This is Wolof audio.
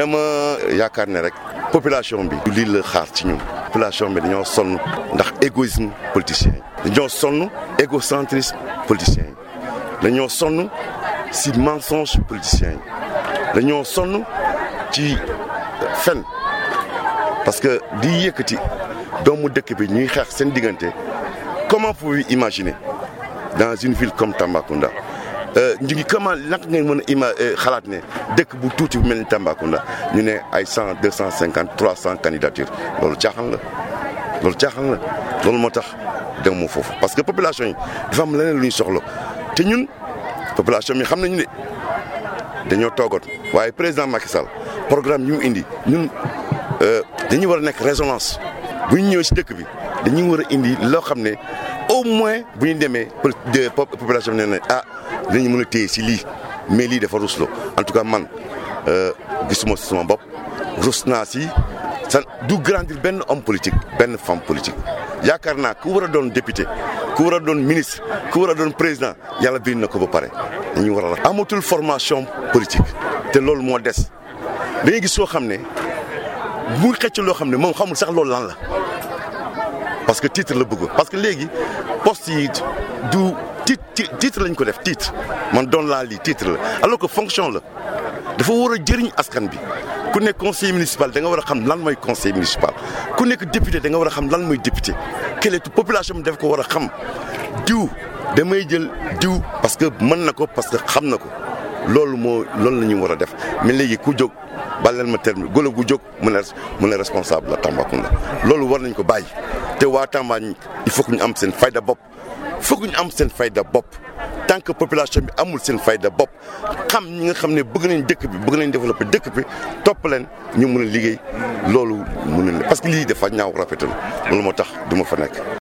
dama yaakaar ne rek population bi. lii la xaar ci ñun. population bi dañoo sonn ndax égoïsme politicien yi. dañoo sonn égocentrisme politicien yi. dañoo sonn si mensonge politicien yi. dañoo sonn ci fen parce que di yëkkati doomu dëkk bi ñuy xeex seen diggante comment pouvez-vous imaginer dans une ville comme Tambacounda. ñu euh, ngi comment naka ngeen mën a ima euh, xalaat ne dëkk bu tuuti bu mel ni Tambacounda ñu ne ay cent deux cent cinquante trois cent candidature loolu caaxaan la loolu caaxaan la moo tax dem mu foofu parce que population yi dafa am leneen lu ñu soxla te ñun population bi xam nañu ne dañoo toogoon waaye président Macky Sall programme ñu indi ñun euh, dañuy war a nekk résonance bu ñu ñëwee si dëkk bi dañu war a indi loo xam ne au moins bu ñu demee population bi nee na a ah, dinañ mën a téye si lii mais lii dafa rusloo en tout cas man euh, gisuma si sama bopp rus naa si san du grandir benn homme politique benn femme politique yaakaar naa ku war a doon député ku war doon ministre ku war a doon président yàlla bind na ko ba pare dañu war a amatul formation politique te loolu moo des dañuy gis soo xam ne mu xëcc loo xam ne moom xamul sax loolu lan la parce que titre la bëgg parce que léegi poste yi du titre titre lañ ko def titre man doon la lii titre la alors que fonction la dafa war a jëriñ askan bi ku nekk conseil municipal da nga war a xam lan mooy conseil municipal ku nekk député da nga war a xam lan mooy député keletu population bi def ko war a xam diw damay jël diw parce que mën na ko parce que xam na ko loolu moo loolu la ñu war a def mais léegi ku jóg bal leen ma terme golo gu jóg mu ne mu ne responsable la loolu war nañ ko bàyyi te waa Tamba il faut que ñu am seen fayda bopp foog ñu am seen fayda bopp tant que population bi amul seen fayda bopp xam ñi nga xam ne bëgg nañ dëkk bi bëgg nañ développer dëkk bi topp leen ñu mën a liggéey loolu mën nañ parce que lii dafa ñaaw rafetul loolu moo tax du ma fa nekk.